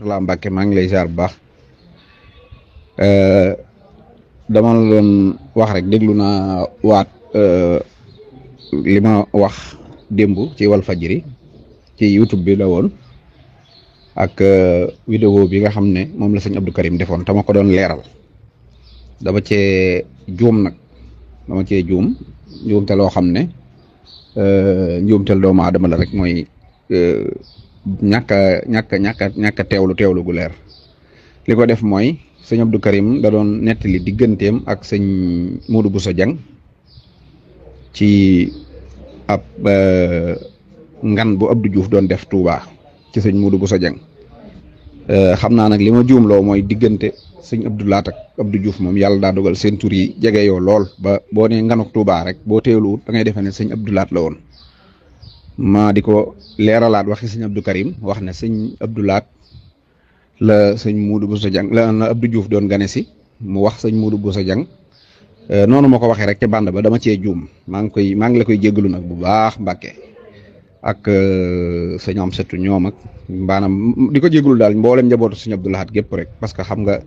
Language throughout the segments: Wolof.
rahmatullah Mbàkke maa ngi lay ziar bu baax euh, dama la doon wax rek déglu naa waat euh, li ma wax démb ci Walfajri ci YouTube bi la woon ak euh, vidéo bi nga xam ne moom la sëñ Abdou Karim defoon tama ko doon leeral dama cee juum nag dama cee juum njuumte loo xam ne njuumtel doomu aadama la rek mooy ñàkk a ñàkk a ñàkk teewlu teewlu gu leer li ko def mooy sëñ Abdou Karim da doon nettali digganteem ak sëñ Modou Bousso Dieng ci ab euh, ngan bu Abdou Diouf doon def Touba ci sëñ Modou Bousso Dieng euh, xam naa nag li ma juumloo mooy diggante sëñ Abdou Lahat ak Abdou Diouf moom yàlla daa dogal seen yi jege yoo lool ba boo nee nganuk Touba rek boo teewluwut da ngay defee ne sëñ Abdou Lahat la woon. ma di ko leeralaat waxi sëñ Abdou Karim wax ne sëñ Abdou Laat la sëñ Muudu Boussa Dieng la abdu Diouf doon gane si mu wax sëñ Muudu Boussa Dieng euh, noonu ma ko waxee rek te bànd ba dama cee juum maa ngi koy maa ngi la koy jéggalu nag bu baax Mbàkke ak euh, sëñ am setu ñoom ak maanaam di ko jéggalu daal mboolem njabootu sëñ Abdou Laat gépp rek parce que xam nga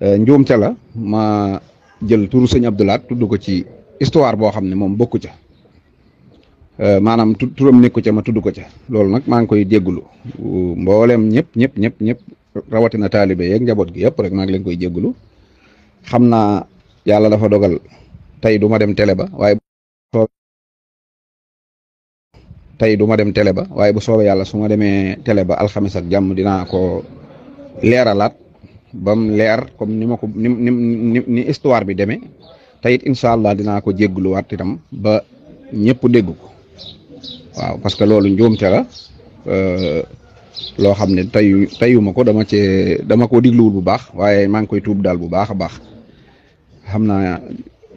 euh, njuum ca la ma jël tur sëñ Abdou Laat tudd ko ci histoire boo xam ne moom bokku ca Euh, maanaam tu turam nekku ca ma tudd ko ca loolu nag maa ngi koy jéggulu mboolem ñëpp ñëpp ñëpp ñëpp rawatina taalibe yeeg njaboot gi yëpp rek maa ngi leen koy jéggulu naa yàlla dafa dogal tey du ma dem télé ba waaye du ma dem télé ba waaye bu soobee yàlla su ma demee télé ba alxames ak jàmm dinaa ko leeralaat ba leer comme ni ma ko ni histoire bi demee te it incha allah dinaa ko jéggluwaat itam ba ñëpp dégg ko waaw parce que loolu njuumte la euh, loo xam ne tayu tayuma ko dama cee dama ko digluwul bu baax waaye maa ngi koy tuub daal bu baax a baax xam naa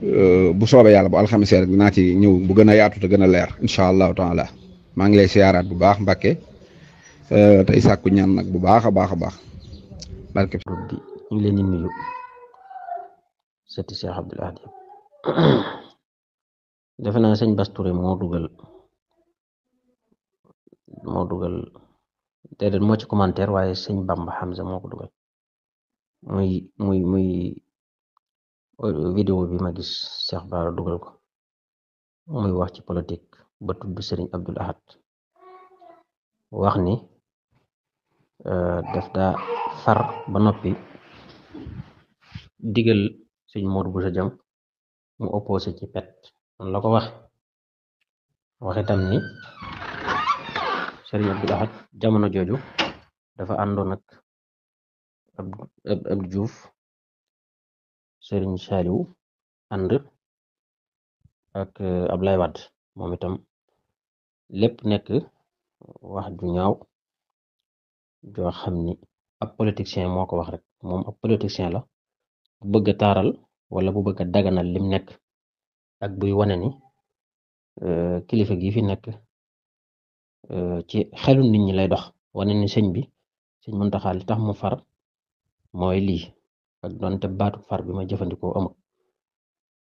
euh, bu soobee yàlla bu alxamisee rek dinaa ci ñëw bu gën a yaatu te gën a leer incha allahu taala maa ngi lay siyaaraat bu baax Mbàkke euh, tey sàkku ñaan nag bu baax a baax a baax barke bi ñu ngi leen di nuyu sëti Cheikh Abdoul Ahad defe naa sëñ Bass Touré moo dugal moo dugal déedéet moo ci commentaire waaye sëñ Bamba Hamza moo ko dugal muy muy muy euh, vidéo bi ma gis Cheikh Bara dugal ko muy wax ci politique ba tudd Serigne Abdul Ahad wax ni euh, def daa far ba noppi digal sëñ Modou Bousso Dieng mu opposé ci pet man la ko wax waxitam ni Sëriñ Abdul Ahad jamono jooju dafa àndoon ak Abdou Diouf Sëriñ Saaliw ànd ak eh, Ablaye moom itam lépp nekk wax ju ñaaw joo xam ni ab politicien moo ko wax rek moom ab politicien la bu bëgg taaral wala bu bëgg a daganal lim nekk ak buy wane ni eh, kilifa gi fi nekk Euh, ci xelu nit ñi lay dox wane ni sëñ bi sëñ Muntaxa li tax mu far mooy lii ak doonte baatu far bi ma jëfandikoo amul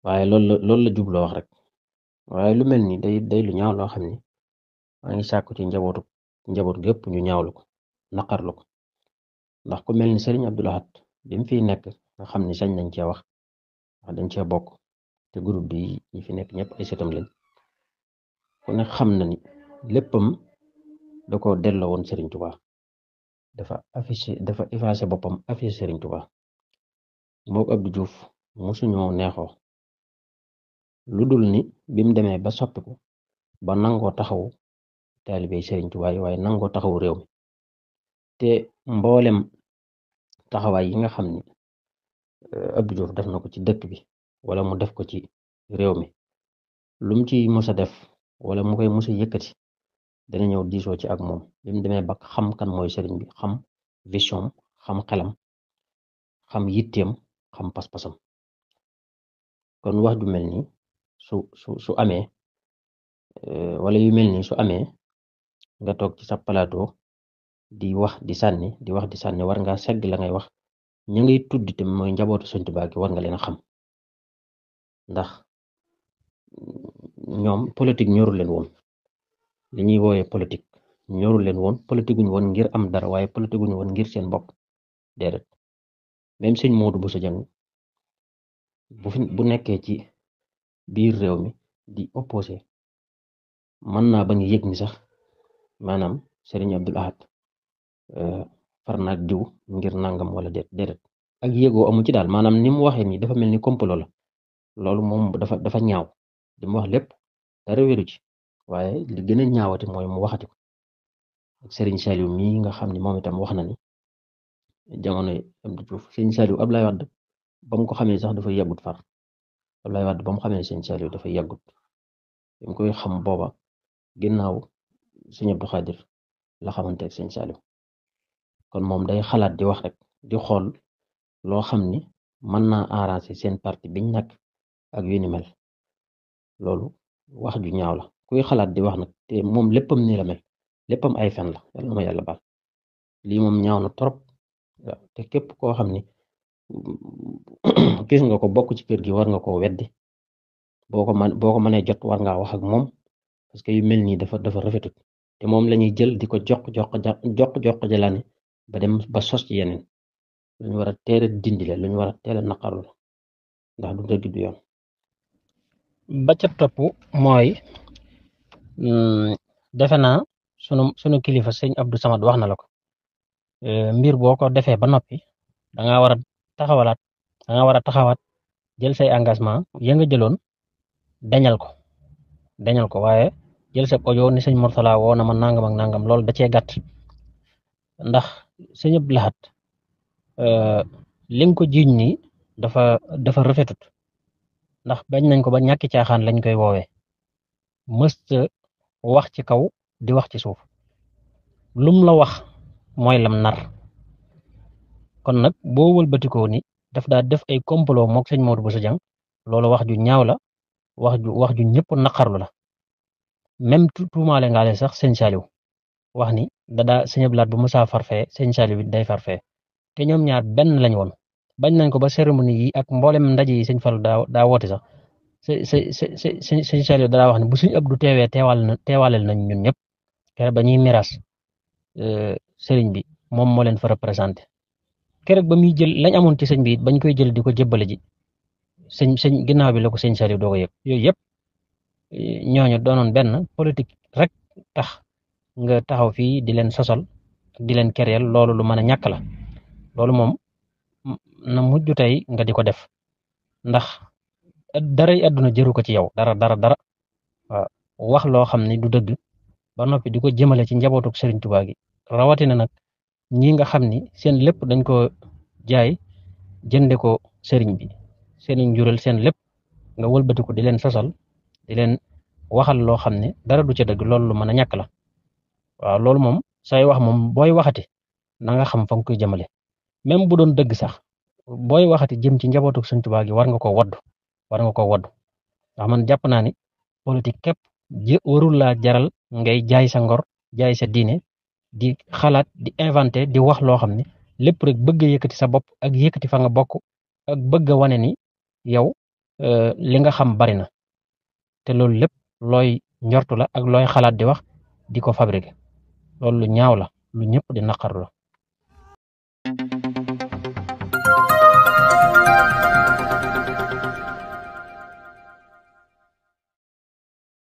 waaye loolu la loolu jubloo wax rek waaye lu mel ni day day lu ñaaw loo xam ni maa ngi sàkku ci njabootu njaboot gépp ñu ñaawlu ko naqarlu ko ndax ku mel ni sëriñ Abdou Lahad bi mu nekk nga xam ni sañ nañ cee wax ndax dañ cee bokk te groupe bi ñi fi nekk ñëpp ay sëtam lañ ku xam na ni da ko delloo woon Serigne Touba dafa affiché dafa boppam affiché Serigne Touba moog Abdou Diouf mosuñoo neexoo lu dul ni bim demee ba soppiku ba nangoo taxawu taalibe Serigne Touba yi waaye nangoo taxawu réew mi te mboolem taxawaay yi nga xam ni euh, Abdou Diouf def na ko ci dëkk bi wala mu def ko ci réew mi lum ci mos def wala mu koy mos a yëkkati. dana ñëw diisoo ci ak moom bi mu demee ba xam kan mooy sëriñ bi xam vision xam xelam xam yitteem xam pas-pasam kon wax ju mel ni su su su amee euh, wala yu mel ni su amee nga toog ci sa plateau di wax di sànni di wax di sànni war nga segg la ngay wax ña ngay tudd te mooy njabootu Sëriñ Tuubaa gi war nga leen a xam ndax mm, ñoom politique ñoru leen woon li ñuy woowee politique ñorul leen woon politique woon ngir am dara waaye politique guñu woon ngir seen bopp déedéet même sëñ Modou Bousso Dieng bu bu nekkee ci biir réew mi di opposé mën naa bañ yëg ni sax maanaam Serigne Abdoul Ahad euh, far naag diw ngir nangam wala déet déedéet ak yëgoo amu ci daal maanaam ni mu waxee nii dafa mel ni complot la loolu moom dafa dafa ñaaw li wax lépp dara wéru waaye li gën a ñaawati mooy mu waxati ko ak Serigne Saliou mii nga xam ne moom itam wax na ni jamono Abdou Diouf Serigne Saliou Ablaye Wade ba mu ko xamee sax dafa yàggut far Ablaye Wade ba mu xamee Serigne Saliou dafa yàggut bi koy xam booba ginnaaw Serigne Abdou Khadir la xamante ak Serigne Saliou kon moom day xalaat di wax rek di xool loo xam ni mën naa arranger seen parti biñ nekk ak yu ni mel loolu wax ju ñaaw la. kuy xalaat di wax nag te moom léppam nii la mel léppam ay fen la yàlla yàlla baal lii moom ñaaw na trop waaw te képp koo xam ne gis nga ko bokk ci kër gi war nga koo weddi boo ko man boo ko mënee jot war ngaa wax ak moom parce que yu mel nii dafa dafa rafetut te moom lañuy jël di ko jox jox jox jox jëlaane ba dem ba sos yeneen lu ñu war a teel a dindi la lu ñu war a teel a la ndax du dëgg du yoon ba ca mooy Euh, defe naa sunu sunu kilifa sëñ Abdou Samad wax na la ko euh, mbir boo ko defee ba noppi da ngaa war a taxawalaat da war a taxawaat jël say engagement ya nga jëloon dañal ko dañal ko waaye jël sa audio ni sëñ Mourtala woo na ma nangam ak nangam loolu da cee gàtt ndax sëñ Abdou Lahad euh, li nga ko jiiñ nii dafa dafa rafetut ndax bañ nañ ko ba ñàkki caaxaan lañ koy woowee mësta wax ci kaw di wax ci suuf lum la wax mooy lam nar kon nag boo wëlbatikoo ni daf daa def ay complot mook sëñ Modou Bousso Dieng loolu wax ju ñaaw la wax ju wax ju ñëpp naqarlu la même tuumaale ngaale sax sëñ Saliou wax ni da daa sëñ Ablaat bu Moussa farfee sëñ Saliou it day farfee te ñoom ñaar benn lañ woon bañ nañ ko ba cérémonie yi ak mboolem ndaje yi sëñ Fallou daa woote sax sëñ sëñ sëñ Saliou dara wax ne bu suñu ëpp du teewee teewal na teewalel nañ ñun ñëpp keroog ba ñuy miiras euh, sëriñ bi moom moo leen fa représenté keroog ba muy jël lañ amoon ci sëñ bi bañ koy jël di ko jébbale ji sëñ sëñ ginnaaw bi la ko sëñ Saliou doo ko yëg yooyu yëpp ñooñu doonoon benn politique rek tax nga taxaw fii di leen sosal di leen kereel loolu lu mën a ñàkk la loolu moom na mujj tey nga di ko def ndax. daray àdduna jëru ko ci yow dara dara dara wax loo xam ne du dëgg ba noppi di ko jëmale ci njabootuk sëriñ Touba gi rawatina nag ñi nga xam ni seen lépp dañ ko jaay jënde ko Serigne bi seeni njureel seen lépp nga wëlbatiku di leen sasal di leen waxal loo xam ne dara du ca dëgg loolu lu mën a ñàkk la waaw loolu moom say wax moom booy waxati nanga xam fa nga koy jëmale même bu doon dëgg sax booy waxati jëm ci njabootuk Serigne Touba gi war nga ko waddu war nga ko wodd ndax man jàpp naa ni politique képp warul laa jaral ngay jaay sa ngor jaay sa diine di xalaat di inventé di wax loo xam ne lépp rek bëgg a yëkkati sa bopp ak yëkkati fa nga bokk ak bëgg a wane ni yow euh, li nga xam bari na te loolu lépp looy njortu la ak looy xalaat di wax di ko fabriqué loolu lu ñaaw la lu ñëpp di naqarlu la